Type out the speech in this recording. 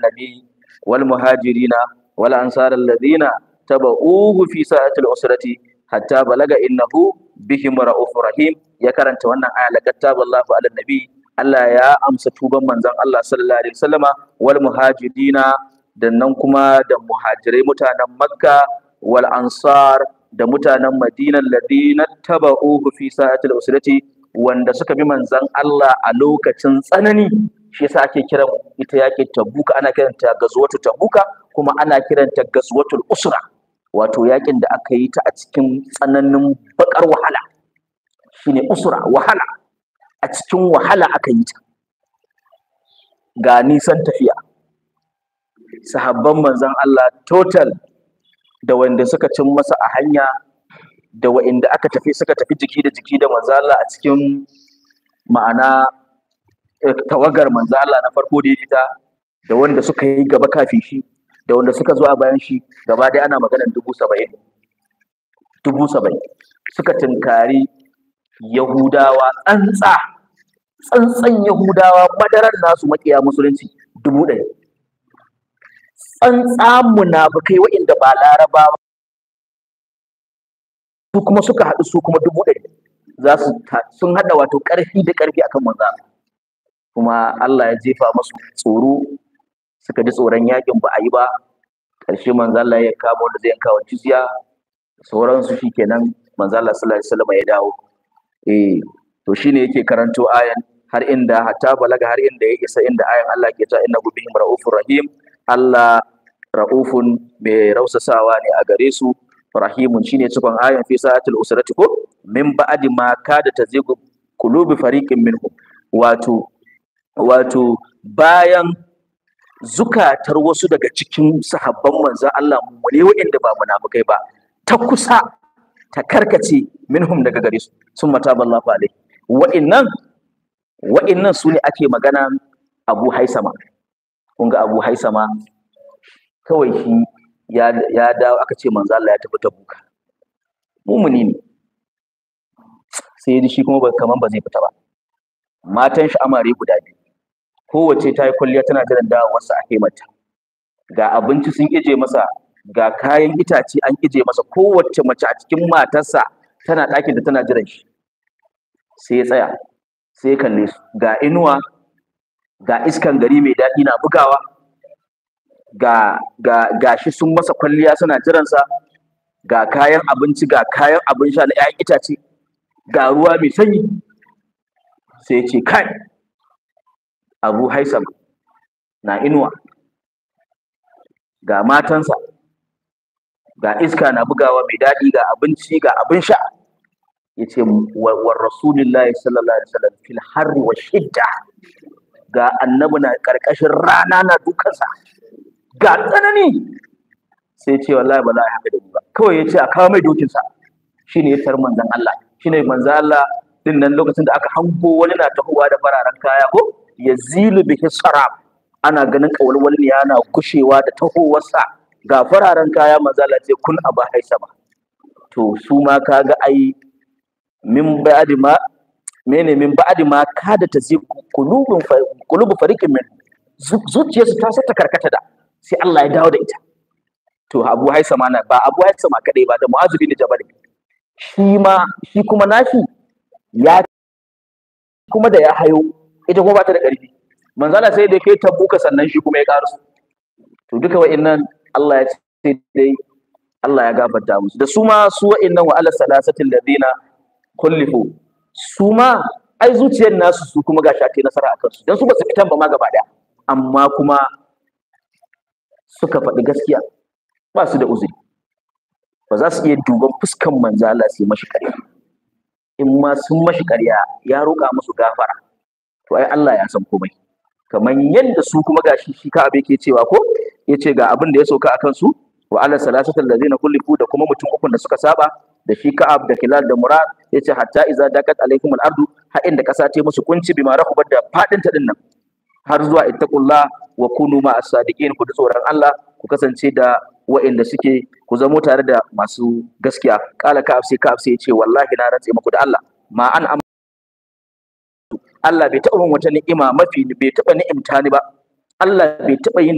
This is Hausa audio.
النبي والمهاجرين والأنصار الذين تبعوه في ساعة الأسرة حتى بلغ إنه بهم رؤوف رحيم يكرن تونا آية لكتاب الله على النبي Allah ya amsa tuban manzon Allah sallallahu alaihi wasallama wal muhajirina dan nan kuma da muhajirai mutanen Makka wal ansar da mutanen Madina alladina taba'uhu fi sa'atil usrati wanda suka bi manzon Allah a lokacin tsanani shi yasa ake kiran ita yake tabuka ana kiranta gazwatul tabuka kuma ana kiranta gazwatul usra wato yakin da aka yi ta a cikin tsananin bakar wahala shine usra wahala a cikin wahala aka yi ta ga nisan tafiya sahabban manzon Allah total da wanda suka cin masa a hanya da wa'inda aka tafi suka tafi jiki da jiki da manzon a cikin ma'ana tawagar manzo Allah na farko da ya fita da wanda suka yi gaba kafin shi da wanda suka zo a bayan shi gaba dai ana maganar dubu saba'in dubu saba'in suka tunkari yahudawa tsantsa tsantsan yahudawa madarar nasu makiya musulunci dubu ɗaya tsantsa munafukai waɗanda ba Laraba ba. su kuma suka haɗu su kuma dubu ɗaya za su sun haɗa wato ƙarfi da ƙarfi akan manzo kuma Allah ya jefa masu tsoro suka ji tsoron yakin ba a yi ba ƙarshe manzo Allah ya kama wanda zai yanka wa jizya shi shikenan manzo Allah sallallahu alaihi wasallam ya dawo eh to shine yake karanto ayan har inda hatta balaga har inda ya isa inda ayan Allah ke ta inna bihim raufur rahim Allah raufun mai rausasawa ne a gare su rahimun shine cikon ayan fi sa'atul usrati ko min ba'di ma kada tazigu qulubi fariqin minhum wato wato bayan zukatar wasu daga cikin sahabban manzo Allah wane waɗanda ba munafukai ba ta kusa ta karkace minhum daga gare su sun mataballahu alaihi wa'innan wa'innan su ne ake magana Abu Haisama kun ga Abu Haisama kawai shi ya ya dawo aka ce manzo Allah ya tafi Tabuka mumuni ne sai shi kuma ba kaman ba zai fita ba matan shi amare guda biyu kowace ta yi kwalliya tana jiran dawowarsa a kai mata ga abinci sun ije masa ga kayan itace an ije masa kowace mace a cikin matarsa tana ɗakin da tana jiran shi sai ya tsaya sai ya kalle su ga inuwa ga iskan gari mai daɗi na bugawa ga ga ga shi sun masa kwalliya suna jiransa ga kayan abinci ga kayan abin sha na 'ya'yan itace ga ruwa mai sanyi sai ya ce kai abu haisam na inuwa ga matansa ga iska na bugawa mai daɗi ga abinci ga abin sha yace wa rasulillahi sallallahu alaihi wasallam fil harri wa shidda ga annabi na karkashin rana na dukansa ga tsanani sai ce wallahi ba za a haka da ba kawai yace a kawo mai dokin sa shine ya tar manzon Allah shine manzon Allah din nan lokacin da aka hango wani na tahowa da fararen kaya ko zilu bihi sarab ana ganin ne yana kushewa da tahowarsa ga fararen kaya maza ce kun aba ba. to su ma kaga ai min ba'di ma mene min ba'di ma kada ta zi kulubun kulubu fariqin min zuciyarsu ta sata karkata da sai Allah ya dawo da ita to Abu Haisama na ba Abu Haisama kadai ba da Mu'adh bin Jabal shi ma shi kuma nashi ya kuma da ya hayo ita kuma ba ta da ƙarfi manzala sai dai kai tabbuka sannan shi kuma ya su. to duka wa'innan Allah ya ce dai Allah ya gafarta musu da su ma su wa'innan wa ala salasatin ladina kullifu su ma ai zuciyar nasu su kuma ga shate nasara akan su dan su ba su fitan ba ma gaba daya amma kuma suka faɗi gaskiya ba su da uzuri ba za su iya duban fuskan manzo Allah su yi mashi ƙarya in ma sun mashi ƙarya ya roƙa musu gafara to ai Allah ya san komai kamar yadda su kuma gashi shi ka abe ke cewa ko yace ga abin da ya sauka akan su wa ala salasatul ladina kullifu da kuma mutum uku da suka saba da shi ka'ab da kilal da murad ce hatta iza daqat alaikum al-ardu ha inda kasa ta musu kunci bima rahubat da fadin ta dinnan har zuwa ittaqullah wa kunu ma as-sadiqin ku tsoron Allah ku kasance da wa'inda suke ku zamo tare da masu gaskiya qala ka'ab sai ka'ab sai yace wallahi na rantse muku da Allah ma an Allah bai taɓa min wata ni'ima mafi bai taɓa ni'imta ni ba Allah bai taɓa yin